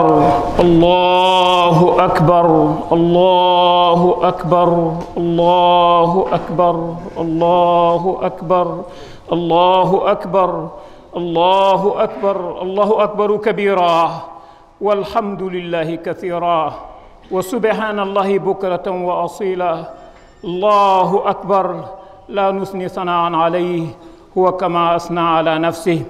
الله أكبر الله أكبر الله أكبر الله أكبر الله أكبر الله أكبر الله أكبر كبيرا والحمد لله كثيرا وسبحان الله بكرة وأصيلا الله أكبر لا نثني ثناء عليه هو كما أثنى على نفسه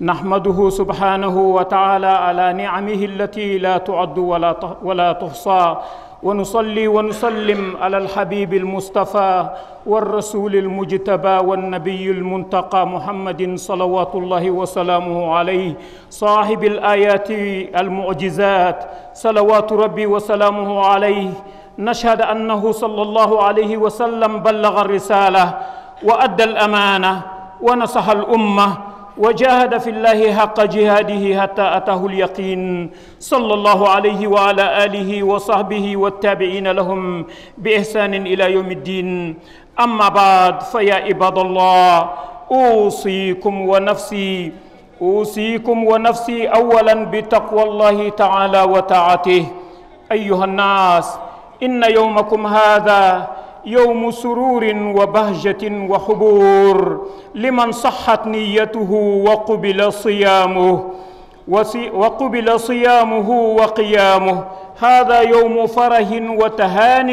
نحمده سبحانه وتعالى على نعمه التي لا تعد ولا ولا تحصى ونصلي ونسلم على الحبيب المصطفى والرسول المجتبى والنبي المنتقى محمد صلوات الله وسلامه عليه صاحب الآيات المعجزات صلوات ربي وسلامه عليه نشهد أنه صلى الله عليه وسلم بلغ الرسالة وأدى الأمانة ونصح الأمة وجاهد في الله حق جهاده حتى أتاه اليقين صلى الله عليه وعلى آله وصحبه والتابعين لهم بإحسان إلى يوم الدين أما بعد فيا عباد الله أوصيكم ونفسي أوصيكم ونفسي أولا بتقوى الله تعالى وطاعته أيها الناس إن يومكم هذا يوم سرور وبهجة وحبور لمن صحت نيته وقبل صيامه وقبل صيامه وقيامه هذا يوم فرح وتهان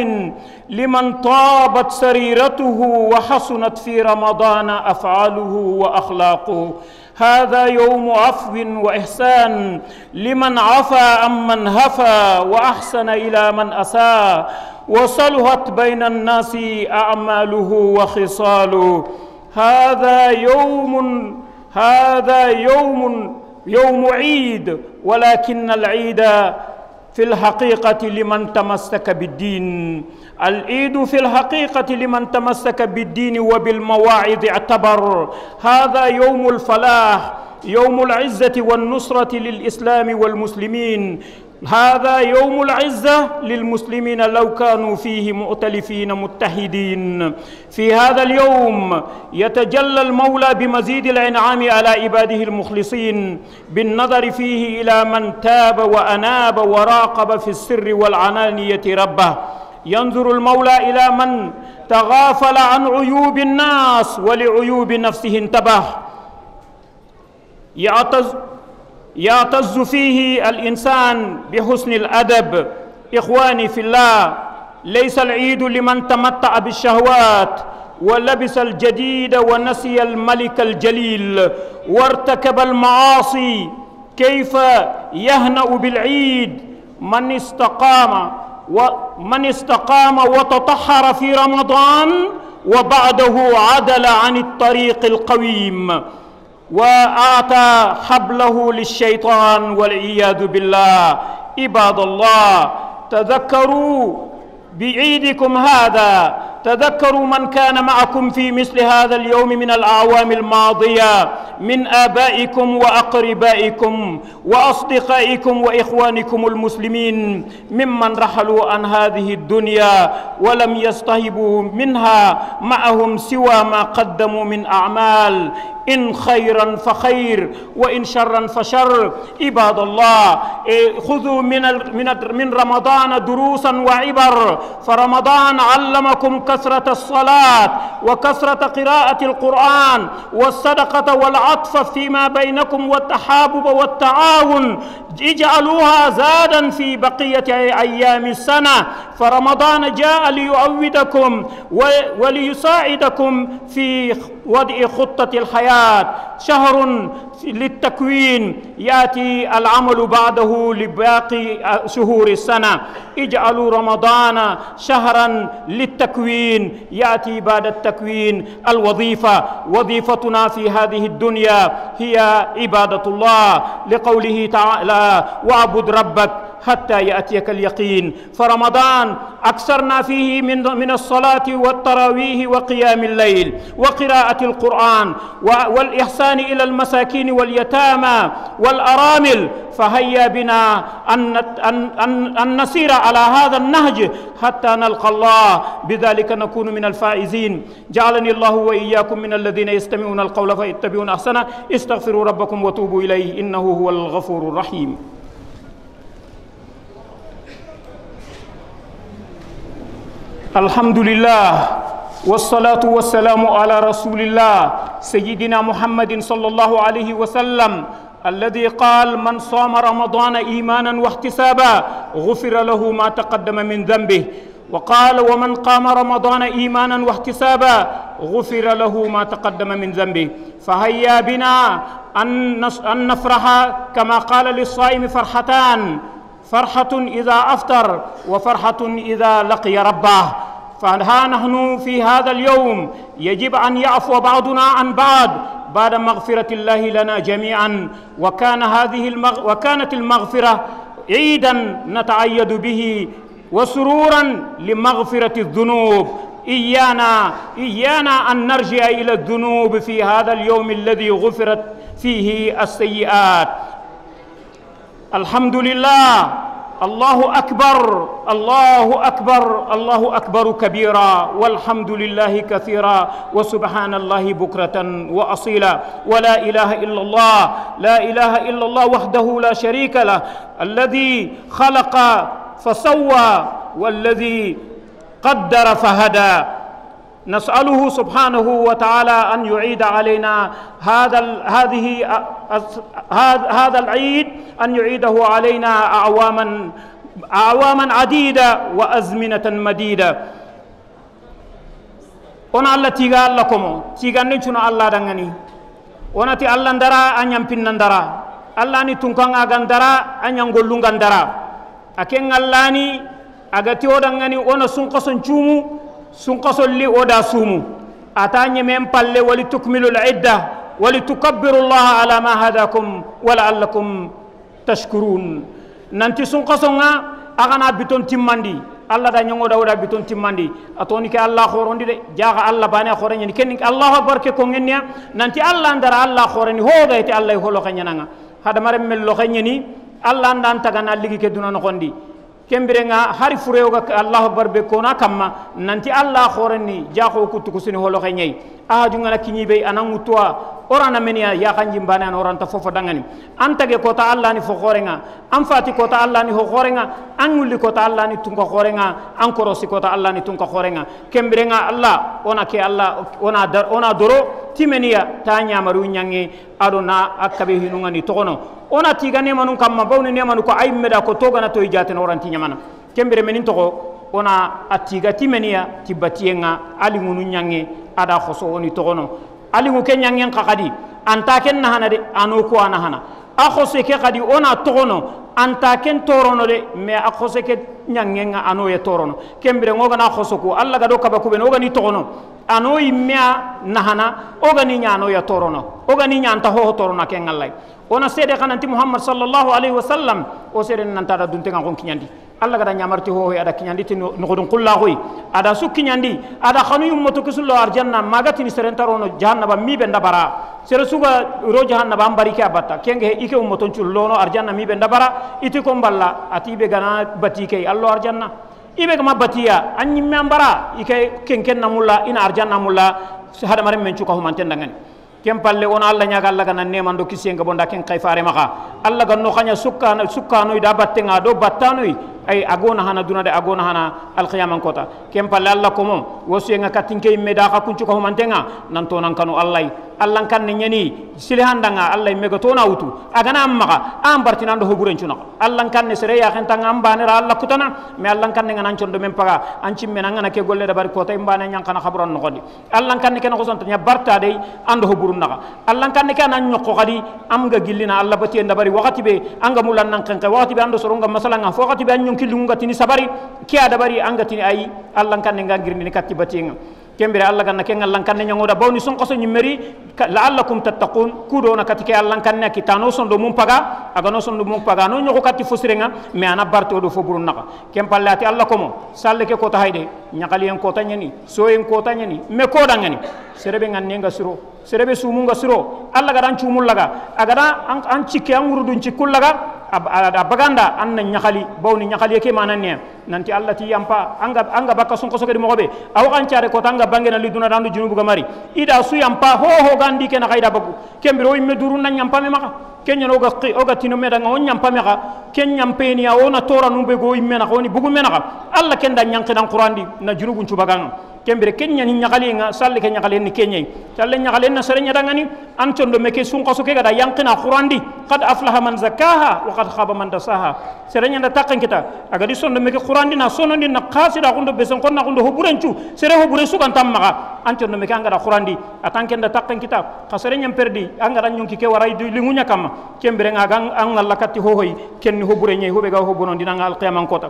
لمن طابت سريرته وحسنت في رمضان افعاله واخلاقه هذا يوم عفو واحسان لمن عفا عمن هفا واحسن الى من اساء وصلحت بين الناس أعماله وخصاله هذا يوم هذا يوم يوم عيد ولكن العيد في الحقيقة لمن تمسك بالدين العيد في الحقيقة لمن تمسك بالدين وبالمواعظ اعتبر هذا يوم الفلاح يوم العزة والنصرة للإسلام والمسلمين هذا يوم العزة للمسلمين لو كانوا فيه مؤتلفين متحدين في هذا اليوم يتجلى المولى بمزيد الإنعام على عباده المخلصين بالنظر فيه إلى من تاب وأناب وراقب في السر والعنانية ربه ينظر المولى إلى من تغافل عن عيوب الناس ولعيوب نفسه انتبه يعتز يعتز فيه الإنسان بحسن الأدب إخواني في الله ليس العيد لمن تمتع بالشهوات ولبس الجديد ونسي الملك الجليل وارتكب المعاصي كيف يهنأ بالعيد من استقام ومن استقام وتطهر في رمضان وبعده عدل عن الطريق القويم واعطى حبله للشيطان والعياذ بالله عباد الله تذكروا بعيدكم هذا تذكروا من كان معكم في مثل هذا اليوم من الأعوام الماضية من آبائكم وأقربائكم وأصدقائكم وإخوانكم المسلمين ممن رحلوا عن هذه الدنيا ولم يصطهبوا منها معهم سوى ما قدموا من أعمال إن خيرا فخير وإن شرا فشر عباد الله إيه، خذوا من من رمضان دروسا وعبر فرمضان علمكم كثيرا كثرة الصلاة وكثرة قراءة القرآن والصدقة والعطف فيما بينكم والتحابب والتعاون اجعلوها زادا في بقية أيام السنة فرمضان جاء ليعودكم وليساعدكم في وضع خطة الحياة شهر للتكوين ياتي العمل بعده لباقي شهور السنه اجعلوا رمضان شهرا للتكوين التكوين ياتي بعد التكوين الوظيفه وظيفتنا في هذه الدنيا هي عباده الله لقوله تعالى واعبد ربك حتى يأتيك اليقين فرمضان أكثرنا فيه من من الصلاة والتراويح وقيام الليل وقراءة القرآن والإحسان إلى المساكين واليتامى والأرامل فهيا بنا أن أن أن, أن نسير على هذا النهج حتى نلقى الله بذلك نكون من الفائزين جعلني الله وإياكم من الذين يستمعون القول فيتبعون أحسنه استغفروا ربكم وتوبوا إليه إنه هو الغفور الرحيم الحمد لله والصلاة والسلام على رسول الله سيدنا محمد صلى الله عليه وسلم الذي قال من صام رمضان إيمانا واحتسابا غفر له ما تقدم من ذنبه وقال ومن قام رمضان إيمانا واحتسابا غفر له ما تقدم من ذنبه فهيا بنا أن نفرح كما قال للصائم فرحتان فرحة إذا أفطر وفرحة إذا لقي ربه فها نحن في هذا اليوم يجب أن يعفو بعضنا عن بعض بعد مغفرة الله لنا جميعا وكان هذه المغ... وكانت المغفرة عيدا نتعيد به وسرورا لمغفرة الذنوب إيانا إيانا أن نرجع إلى الذنوب في هذا اليوم الذي غفرت فيه السيئات الحمد لله الله أكبر الله أكبر الله أكبر كبيرا والحمد لله كثيرا وسبحان الله بكرة وأصيلا ولا إله إلا الله لا إله إلا الله وحده لا شريك له الذي خلق فسوى والذي قدر فهدى نسأله سبحانه وتعالى أن يعيد علينا هذا ال هذه هذا العيد أن يعيده علينا أعواما أعواما عديدة وأزمنة مديدة on allah tiga allah komo tiganni cuno allah dangani onati allah ndara a ñampinna ndara allah ni tunkanga gan dara a ñangollungan dara a ken allah ni agati o dangani wona sunkoson cuumu سنقصلي ودا سومو أتاني من بالي ولتكملوا العدة ولتكبروا الله على ما هداكم ولعلكم تشكرون ننتي سنقصنا أغنى بتون تماندي الله دا نيغو داودا بتون تماندي اتوني كي الله خورندي دي جاغا الله باني خورني كن الله اكبر كي كونغنيا ننتي الله اندر الله خورني هو دايتي الله هو لوخنيا هذا مرم من لوخنيا الله اندان تاغانا ليغي كي نخوندي كمبرنا هاري فريوغا الله أكبر بكونا كما ننتي الله خورني جاخو كنت كسني هولو خيني أهجونا لكني بي أنا متوا أورانا منيا يا خنجم بانا أوران تفوف دعاني أنت كوتا الله ني فخورنا أم فاتي كوتا الله ني فخورنا أنغولي كوتا الله ني تونك خورنا أنكروسي كوتا الله ني تونك خورنا كمبرنا الله أنا كي الله أنا در أنا درو timeniya ta ñamaru ñange aɗo na a kabe hinungani togono ona tiga nemanu kamma bawni nemanu ko ay meda ko togana toy jaten waranti ñamana kembere menin togo ona a tiga timeniya ti batiyenga aliŋunu ñange ada xoso woni togono aliŋu ke ñangen kakadi anta ken nahana de ano ko a nahana a xose ke ona torono, na anta ken torono de me a xose ke ñangenga ano ye torono kembire ngo gana xoso ku alla ga do kaba kubene wo gani nahana oganinya gani ñano torono oganinya gani ñanta hoho torono ke ona wona seede xananti muhammad sallallahu alayhi wa sallam wo seede nantada duntenga xon kiñandi alla gada ñamarti hohoy ya, ada kiñandi ti noxodun qullaxoy ada su kinyandi ada xanu yummoto kisulo arjanna magatini serentarono jahannaba mi be ndabara sere suba rojo hanna bam bari kya batta kenge ike ummaton cullono arjanna mi be ndabara iti ko balla ati be gana bati allo arjanna ibe kama batia anyi membara ike kenken namulla ina arjanna mulla hada mare men cuka humanten dangani kem palle on alla nyaaga alla kana ne mando kisenga bonda ken khayfare maka alla ganno khanya sukkano sukkano da battenga do ay agona hana duna de agona hana al qiyamam kota kem palle alla ko mom wosu nga katinke imme da ka kuncu ko mantenga nan to nan kanu allah allah kan ne nyani sile handanga allah mega to na wutu agana amma ka am bartinan do hoburen cuna allah kan ne sere ya kan tanga amba ne allah kutana me allah kan ne ngana condo mem paga an cimme nan ngana ke golle da bari kota imba ne nyankana khabron no godi allah kan ne ken ko sonta nya barta de ando hoburun naka allah kan ne kan nan nyoko gadi am ga gillina allah bati en bari wakati be anga mulan nan kan ka wakati be ando soronga masala nga wakati be dun kilungu ngatini sabari ada bari adabari tini ayi allah kan nga ngirni katti batinga kembere allah ganna kan lankanne ñangoda bawni sun koso ñimmeri laallakum tattaqun kudo na katti ke allah ne ki tano sondo mum paga agano sondo mum paga no ñogo kati fosirenga me ana barto do fo naka kem pallati allah komo salle ke kota hayde nyakali en kota ñani so en kota ñani me koda ngani serebe ngani nga suro serebe sumu nga suro allah dan cumul laga agada an cike an wurudun cikul laga a baganda an na ñakhali baw ni ñakhali ke manan ne nanti allah ti yampa anga anga bakka sun ko sokedi mo be aw kan tiare ko tanga bangena li duna dandu junubu gamari ida su yampa ho ho gandi ke na kayda bagu kembiro imme duru na ñampa me maka Kenya oga oga tino meda nga onyam pamega Kenya peni ya ona tora numbe go imena ko ni bugu mena ka alla kenda qur'an di na junugun cubagan kembere kenya ni nyakali nga salle ni kenya salle nyakali na sare nyada ngani an chondo meke sun qaso ke gada qur'an Kurandi qad aflaha man zakaha wa qad khaba man dasaha sare nyanda takan kita aga di sondo meke di na sono ni na qasida gundo huburencu konna gundo hoburencu sare hobure su kan tamma an chondo meke angada qur'andi atanken da takan kita qasare nyam perdi angada nyunki ke warai du lingunya kama kembere nga gang ang Allah lakati ho ken ni hubure nyi ho ga ho bonon dina nga al qiyamang kota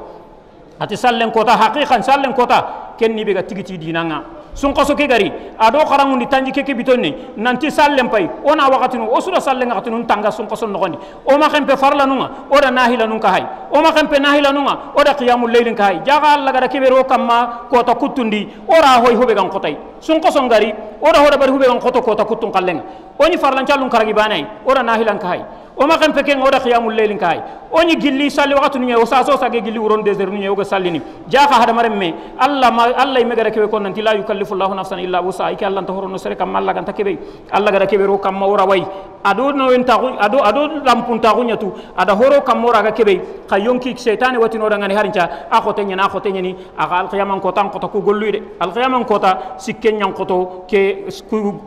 ati sallen kota haqiqan sallen kota ken ni be ga tigiti dina nga sunkoso ke gari ado kharangundi tanji keke bitonni nanti sallem pay ona wakati nu osura sallen wakati nu tanga sunkoso nogoni o ma kempe farla nunga oda nahila nunga hay o ma kempe nahila nunga oda qiyamul layl ka hay jaga alla gara kebero kamma ko ta kuttundi ora hoy hobe gan khotay sunkoso ngari oda hoda bari hobe gan khoto ko ta kuttun kallenga oni farlan chalun karagi banay oda nahilan ka hay o ma kan peken o da qiyamul layl kai o ni gilli salli waqtu ni o sa so sage gilli uron desert ni o ga salli ni ja ka hada mare me allah ma allah me gara kebe konan la yukallifu allah nafsan illa wusa ike allah ta horono sere kam allah kan takebe allah gara kebe ro kam mawra wai ado no en tagu ado ado lampun tagu nyatu ada horo kam mawra ga kebe ka yonki shaytani wati no dangani harincha ako tenya na ako tenya ni aga al qiyamam ko tan ko ta ku golluide al qiyamam ko ta sikken nyang ko to ke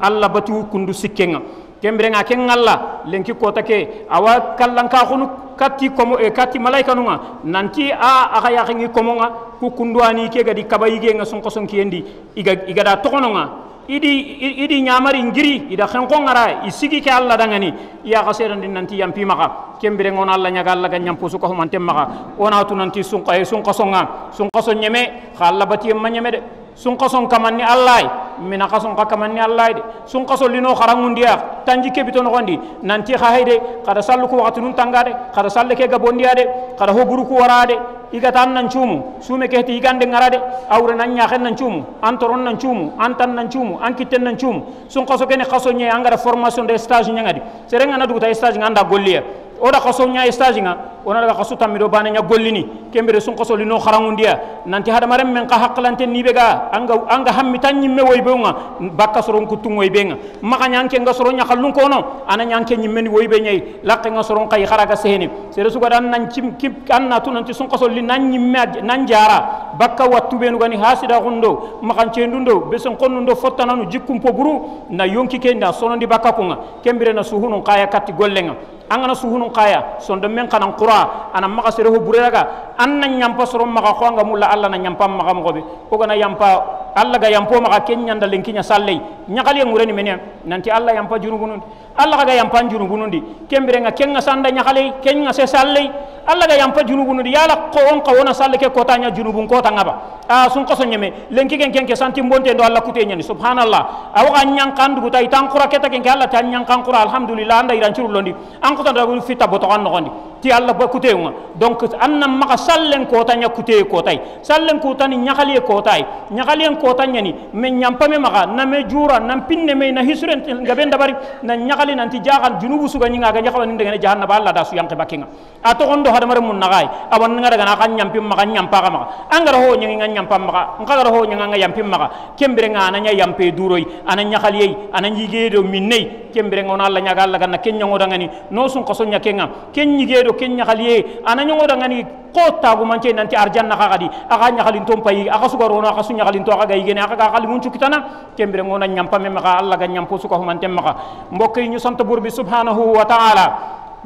allah batu kundu sikkenga kembirenga ke ngalla lenki kota ke awa kallanka khunu kati komo e kati malaika nunga nanti a aga ya ngi komo nga ku kundwani ke gadi kabayi ge nga sonko sonki endi iga iga da tokono nga idi idi nyamari ngiri ida khenko ngara isigi ke alla dangani ya gaseran din nanti yampi maka kembere ngona alla nyaga alla ga nyampu su ko mante maka ona tu nanti sunqa e eh, sunqa songa sunqa so nyeme khalla bati nyeme de sun kason kamanni allah mina kason ka kamanni allah de sun kaso lino kharangundiya tanji ke bitono gondi nanti kha hayde kada sallu ko wakati tangade kada salle ke gabondiya de kada buru ko warade iga tan nan cumu sume kehti igan de ngarade awre nan nya nan cumu antoron nan cumu antan nan cumu ankiten nan cumu sun qaso kene qaso nya angara formation de stage nya ngadi serenga na ta stage nganda golliya oda qaso nya stage nga ona daga qaso tamido bana nya gollini kembere sun qaso kharangu kharangundiya nanti hada maram men ka haklante ni bega anga anga hammi tan nyimme woy be nga bakka soron kutum woy be nga maka nya anke nga soron nya khallun ko no ana nya anke nyimme ni woy be nyai lakke nga soron kay kharaga sehni sere dan nan kim kim anna tu nanti sun qaso golli nan ñimme nan jara bakka wattu ɓenu gani ha sida xun dow maxancendu dow besen qonnu do fottananu jikkum po buru na yonki ke nda sonondi bakka kunga kembire na suhunun qaya katti gollenga angana suhunun qaya sondo men kanan qura ana maxa sere ho bureraga an na ñampa soron maxa xoanga allah na ñampa maxa moxoɓe ogana yampa Allah ga yampo ma ken nyanda nya salle nyakali ngureni menen nanti Allah yampa gunundi Allah ga yampa junugunundi kembere nga kenga sanda nyakali kenga se salle Allah ga yampa ya yala ko on ko wona salle ke kota nya junubun kota ngaba a sun ko sonyeme lenki ken ken ke santi mbonte do Allah kute nyani subhanallah aw ga nyang kandu gutai tankura keta ken ke Allah tan nyang kan alhamdulillah anda iran ciru londi an ko tan da fita to an nondi ti Allah ba kute nga donc annam maka sallen kota nya kute kota sallen kota ni nyakali e kota nyakali ko kota ni men nyampame maga na me jura na pinne me na hisuren ga ben dabari na nyakali nan ti jagal junubu suga nyinga ga ga nyakali ndega ne jahanna Allah da su yanke bakinga a gondo hada mar mun nagai awan ngara ga na kan nyampim maga nyampa ga maga angara ho nyinga ngan nyampam maga ngara ho nyinga ngan maga kembere nga ananya yampe duroi ana nyakali yi nyige do minnei kembere ngona alla nyagal Allah ganna kenya ngoda ngani no sun ko nyakenga ken do ken nyakali yi ana ngoda ngani ko tagu manche nanti arjanna ka gadi aga nyakalin tompai aga sugaro na aga nyakali aga igene aka xal mun cukitana kembire ngona ñampa me maxa alla ga ñampo suka humantem maxa mbokk yi ñu sant bur bi subhanahu wa ta'ala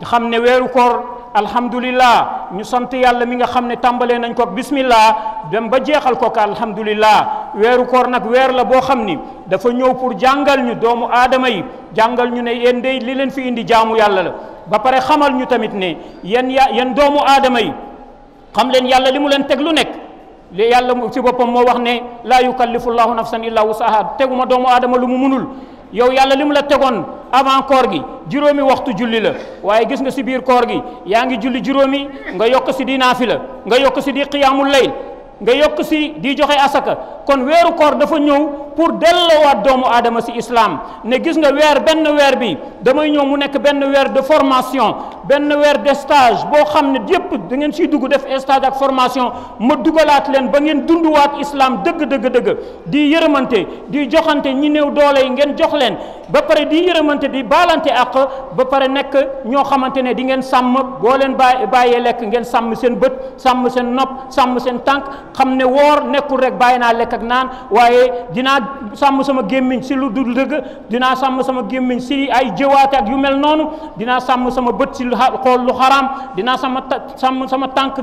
xam ne weeru koor alhamdulillah ñu sant yàlla mi nga xam ne tàmbalee nañ ko bismillah dem ba jeexal ko alhamdulillah weeru koor nag weer la boo xam ni dafa ñëw pour jàngal ñu doomu aadama yi jàngal ñu ne yéen day li leen fi indi jaamu yàlla la ba pare xamal ñu tamit ne yéen ya yéen doomu aadama yi xam leen yàlla li mu leen teg lu nekk li yàlla ci bopam mo wax ne la yukallifu allah nafsan illa wusaha teguma doomu adama lu mu munul yow yàlla li la tegon avant koor gi juróomi waxtu julli la waye gis nga ci bir koor gi yaangi julli juróomi nga yok ci di naafi la nga yok ci di qiyamul layl nga yokk si di joxe asaka kon weeru koor dafa ñëw pour delloowaat doomu aadama si islam ne gis nga weer benn weer bi damay ñëw mu nekk benn weer de formation benn weer de stage boo xam ne yépp da ngeen siy dugg def stage ak formation ma dugalaat leen ba ngeen dunduwaat islam dëgg dëgg dëgg di yërëmante di joxante ñi néew doole yi ngeen jox leen ba pare di yërëmante di baalante àq ba pare nekk ñoo xamante ne dingeen ngeen sàmm boo leen bàyyee lekk ngeen sàmm seen bët sàmm seen nopp sàmm seen tànk xamne ne nekul rek bayina lek ak nan waye dina sam sama gemmiñ ci lu dul deug dina sam sama gemmiñ si ay jëwaate ak yu mel noonu dina sam sama beut ci xol lu haram dina sama sam sama tank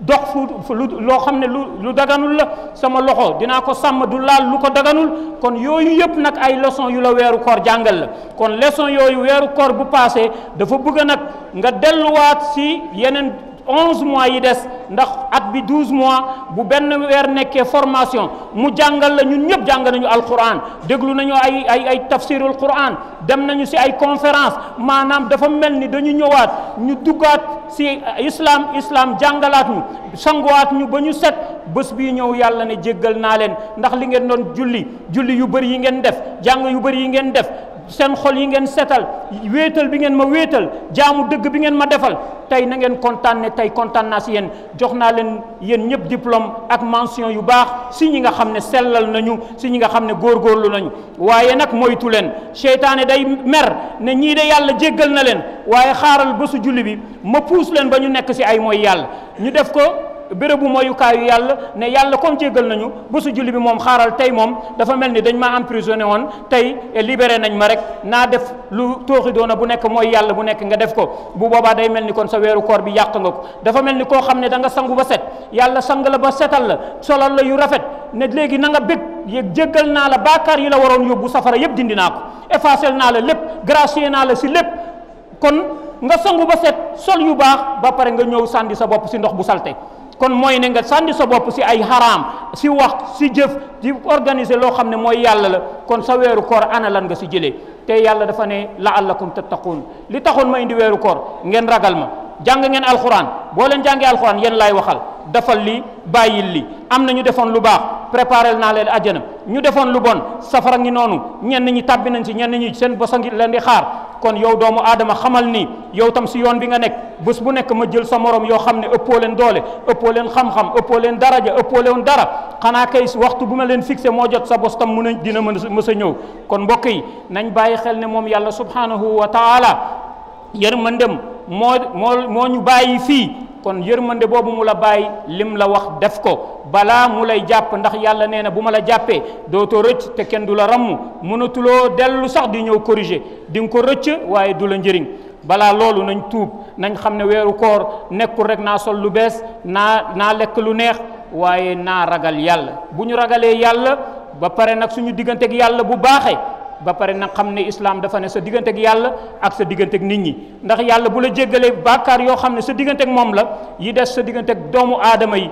dox fu lo xamne ne lu lu daganul la sama loxo dina ko sam du laal lu ko daganul kon yoyu yep nak ay leçon yu la wéru koor jangal la kon leçon yoyu wéru koor bu passé dafa bëgg nak nga wat si yenen. onze mois yi des ndax at bi douze mois bu benn weer nekkee formation mu jàngal la ñun ñëpp jàng nañu alquran déglu nañu ay ay ay tafsirul quran dem nañu si ay conférence maanaam dafa mel ni dañu ñëwaat ñu duggaat si islaam islaam jàngalaat ñu sanguwaat ñu ba ñu set bés bii ñëw yàlla ne jéggal naa leen ndax li ngeen doon julli julli yu bëri yi ngeen def jàng yu bëri yi ngeen def seen xol yi ngeen setal wéetal bi ngeen ma wéetal jaamu dëgg bi ngeen ma defal tey na ngeen kontaan tey kontaan naa si yéen jox naa leen yéen ñëpp diplôme ak mention yu baax si ñi nga xam ne sellal nañu si ñi nga xam ne góor góorlu nañu waaye nag moytu leen seytaane day mer ne ñii de yàlla jéggal na leen waaye xaaral bésu julli bi ma puus leen ba ñu nekk si ay mooy yàlla ñu def ko bérébu moyukaayu yàlla ne yàlla comme jéggal nañu bésu julli bi moom xaaral tey moom dafa mel ni dañ maa emprisonné woon tey libéré nañ ma rek naa def lu tooxi doona bu nekk mooy yàlla bu nekk nga def ko bu boobaa day mel ni kon sa weeru koor bi yàq nga ko dafa mel ni koo xam ne danga nga sangu ba set yàlla sang la ba setal la solal la yu rafet ne léegi na nga bég yëg jéggal naa la baakaar yi la waroon yóbbu safara yëpp dindi naa ko effacé naa la lépp gracié naa si lépp kon nga sangu set sol yu baax ba pare nga ñëw sànni sa bopp si ndox bu salte kon mooy ne nga sànni sa bopp si ay haram si wax si jëf di organiser loo xam ne mooy yàlla la kon sa weeru koor ana lan nga si jëlee te yàlla dafa ne laallakum tattaqun li taxoon ma indi weeru koor ngeen ragal ma jàng ngeen alxuraan boo leen jàngee alxuraan yéen laay waxal dafal li bàyyil li am na ñu defoon lu baax préparel naa leen àjjana ñu defoon lu bon safara ngi noonu ñenn ñi tàbbi nañ ci ñenn ñi seen bosa ngi leen di xaar kon yow doomu adama xamal ni yow tam si yoon bi nga nekk bés bu nekk ma jël sa moroom yoo xam ne ëppoo leen doole ëppoo leen xam-xam ëppoo leen daraja ëppoo leen dara xanaa kay waxtu bu ma leen fixé moo jot sa bos tam mën a dina mës a ñëw kon mbokk yi nañ xel ne moom yàlla subhanahu wa taala yërmandem moo moo moo ñu bàyyi fii kon yërmande boobu mu la bàyyi lim la wax def ko balaa mu lay jàpp ndax yàlla nee na bu ma la jàppee dootoo rëcc te kenn du la ramm mënatuloo dellu sax di ñëw corriger di nga ko rëcc waaye du la njëriñ balaa loolu nañ tuub nañ xam ne weeru koor nekkul rek naa sol lu bees naa naa lekk lu neex waaye naa ragal yàlla bu ñu ragalee yàlla ba pare nag suñu digganteeg yàlla bu baaxee ba pare nag xam ne islaam dafa ne sa diggante ak yàlla ak sa diggante ak nit ñi ndax yàlla bu la jéggalee baakaar yoo xam ne sa diggante ak moom la yi des sa diggante ak doomu aadama yi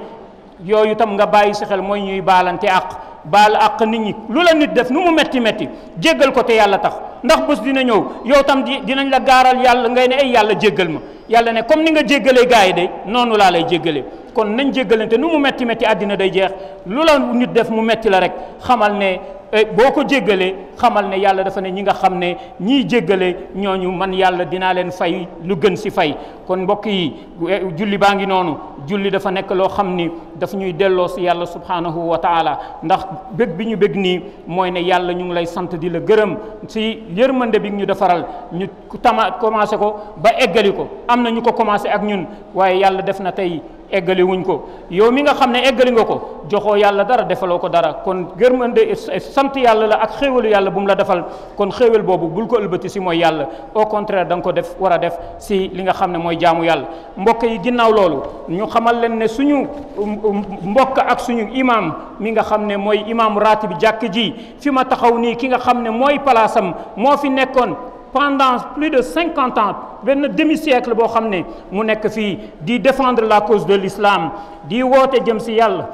yooyu tam nga bàyyi sa xel mooy ñuy baalante àq. baal àq nit ñi lu la nit def nu mu metti metti jéggal ko yàlla tax ndax bés dina ñëw yow tam di dinañ la gaaral yàlla ngay ne ay yàlla jéggal ma yàlla ne comme ni nga jéggalee gars yi de noonu laa lay jéggalee kon nañ jéggalante nu mu metti metti àddina day jeex lu la nit def mu metti la rek xamal ne Eh, boo ko jéggalee xamal ne yàlla dafa ne ñi nga xam ne ñiy jéggale ñooñu man yàlla dinaa leen fay lu gën si fay kon mbokk yi eh, julli baa ngi noonu julli dafa nekk loo xam ni daf ñuy delloo si yàlla subhanahu wa taala ndax bég bi ñu bëgg nii mooy ne yàlla ñu ngi lay sant di la gërëm si yërmande bi ñu defaral ñu ku tama commencé ko ba eggali ko am na ñu ko commencé ak ñun waaye yàlla def na tey eggale wuñ ko yow mi nga xam ne eggali nga ko joxo yàlla dara defaloo ko dara kon gërmande sant yàlla la ak xéewalu yàlla bu mu la defal kon xéewal boobu bul ko ëlbati si mooy yàlla au contraire da nga ko def war a def si li nga xam ne mooy jaamu yàlla mbokk yi ginnaaw loolu ñu xamal leen ne suñu um, mbokk ak suñu imaam mi nga xam ne mooy imaam raati bi jàkk ji fi ma taxaw nii ki nga xam ne mooy palaasam moo fi nekkoon pendant plus de 50 ans benn demi-siècle bo xamné mu nek fi di défendre la cause de l'islam di wote jëm ci yalla.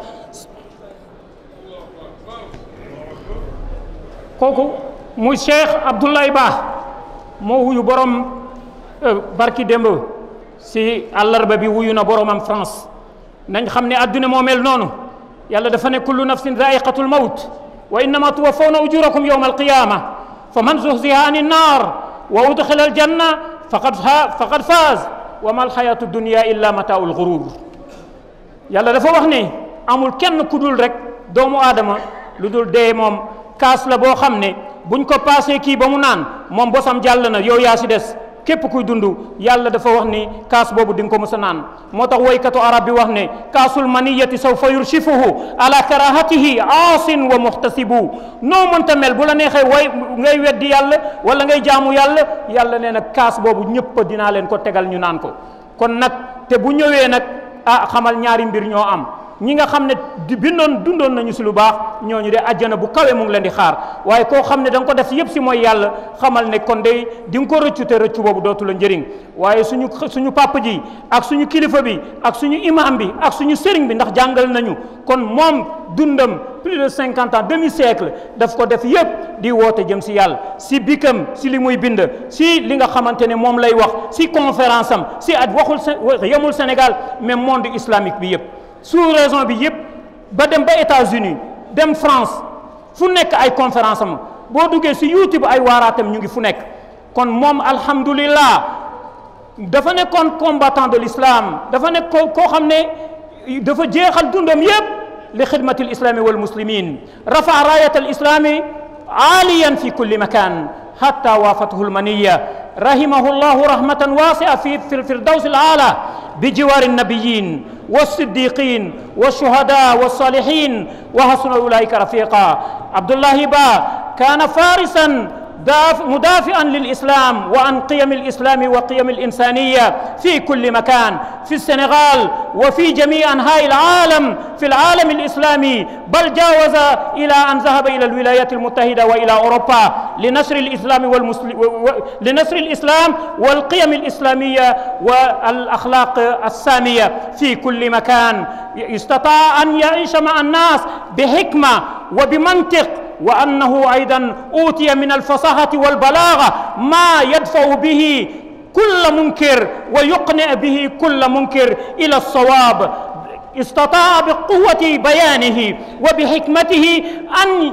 kooku mu Cheikh Abdoulaye Ba mo wuyu borom euh, barki dembo si àllarba bi wuyu na am France nañ xamné aduna mo mel noonu Yalla dafa ne kullu nafsin ra'iqatul maut wa innama tuwaffawna ujurakum yawma alqiyama fa man zuhziha ani وأدخل الجنة فقد فقد فاز وما الحياة الدنيا إلا متاع الغرور يلا دفع وخني أمول كين كودول رك دومو ادمه لودول دي موم كاس لا بو خامني خمني بنكو باسي كي بامو نان موم بوسام جالنا يو ياسي ديس képp kuy dund yàlla dafa wax ni kaas boobu dinga ko mës a naan moo tax waykatu arab bi wax ne kaasul maniyati sawfa yurshifuhu ala karahatihi aasin wa muhtasibu noo mënta mel bu la neexee woy ngay weddi yàlla wala ngay jaamu yàlla yàlla nee na kaas boobu ñëpp dinaa leen ko tegal ñu naan ko kon nag te bu ñëwee nag ah xamal ñaari mbir ñoo am ñi nga xamne di bindon dundon nañu ci lu baax ñoñu de aljana bu kawé mu ngi leen di xaar waye ko xamne dang ko def yépp si moyal yalla xamal ne kon day di ngi ko reccu te reccu bobu dootu la njëriñ waye suñu suñu papa ji ak suñu kilifa bi ak suñu imam bi ak suñu sëriñ bi ndax jangal nañu kon mom dundam plus de 50 ans demi siècle daf ko def yépp di wote jëm si yalla si bikam si li muy bind si li nga xamante lay wax si conférence am si ad waxul yamul sénégal mais monde islamique bi yépp sous raison bi yëpp ba dem ba États-Unis dem France fu nekk ay conférence am boo duggee si YouTube ay waaraatam ñu ngi fu nekk kon moom alhamdulillah dafa nekkoon combattant de l'islam dafa nekk koo xam ne dafa jeexal dundam yëpp li xidmatil islami wal muslimin rafa raayatal islami عاليا في كل مكان حتى وافته المنية رحمه الله رحمة واسعة في الفردوس الأعلى بجوار النبيين والصديقين والشهداء والصالحين وحسن أولئك رفيقا عبد الله با كان فارسا مدافعا للإسلام وعن قيم الإسلام وقيم الإنسانية في كل مكان في السنغال وفي جميع أنحاء العالم في العالم الإسلامي بل جاوز إلى أن ذهب إلى الولايات المتحدة وإلى أوروبا لنشر الإسلام والمسلم لنشر الإسلام والقيم الإسلامية والأخلاق السامية في كل مكان استطاع أن يعيش مع الناس بحكمة وبمنطق وأنه أيضا أوتي من الفصاحة والبلاغة ما يدفع به كل منكر ويقنع به كل منكر إلى الصواب استطاع بقوة بيانه وبحكمته أن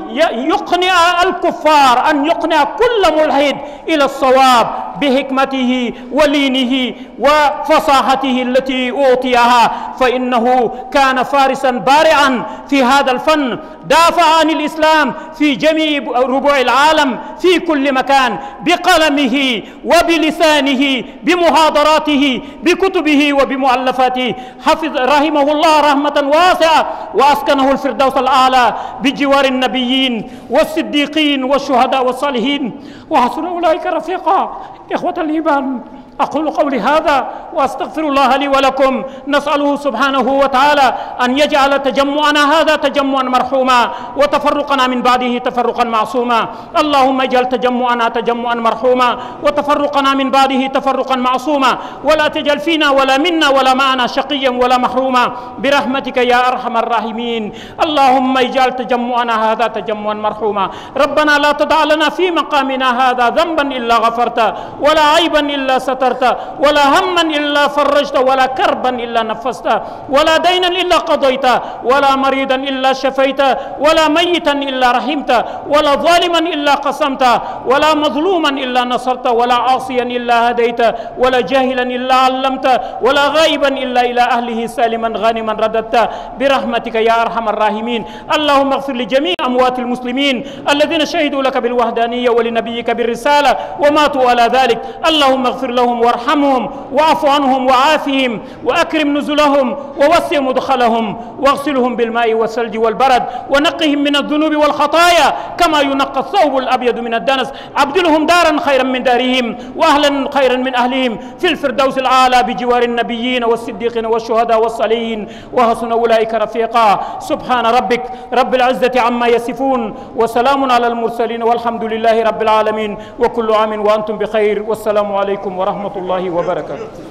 يقنع الكفار أن يقنع كل ملحد إلى الصواب بحكمته ولينه وفصاحته التي اعطيها فإنه كان فارسا بارعا في هذا الفن دافع عن الإسلام في جميع ربوع العالم في كل مكان بقلمه وبلسانه بمحاضراته بكتبه وبمؤلفاته حفظ رحمه الله رحمة واسعة وأسكنه الفردوس الأعلى بجوار النبيين والصديقين والشهداء والصالحين وحسن أولئك رفيقا إخوة الإيمان أقول قولي هذا وأستغفر الله لي ولكم نسأله سبحانه وتعالى أن يجعل تجمعنا هذا تجمعا مرحوما وتفرقنا من بعده تفرقا معصوما اللهم اجعل تجمعنا تجمعا مرحوما وتفرقنا من بعده تفرقا معصوما ولا تجعل فينا ولا منا ولا معنا شقيا ولا محروما برحمتك يا أرحم الراحمين اللهم اجعل تجمعنا هذا تجمعا مرحوما ربنا لا تدع لنا في مقامنا هذا ذنبا إلا غفرته ولا عيبا إلا سترته سترته ولا هما إلا فرجت ولا كربا إلا نفست ولا دينا إلا قضيت ولا مريضا إلا شفيت ولا ميتا إلا رحمت ولا ظالما إلا قسمت ولا مظلوما إلا نصرت ولا عاصيا إلا هديت ولا جاهلا إلا علمت ولا غائبا إلا إلى أهله سالما غانما رددت برحمتك يا أرحم الراحمين اللهم اغفر لجميع أموات المسلمين الذين شهدوا لك بالوحدانية ولنبيك بالرسالة وماتوا على ذلك اللهم اغفر لهم عنهم وارحمهم واعف عنهم وعافهم واكرم نزلهم ووسع مدخلهم واغسلهم بالماء والثلج والبرد ونقهم من الذنوب والخطايا كما ينقى الثوب الابيض من الدنس عبدلهم دارا خيرا من دارهم واهلا خيرا من اهلهم في الفردوس الاعلى بجوار النبيين والصديقين والشهداء والصالحين وحسن اولئك رفيقا سبحان ربك رب العزه عما يصفون وسلام على المرسلين والحمد لله رب العالمين وكل عام وانتم بخير والسلام عليكم ورحمه ورحمة الله وبركاته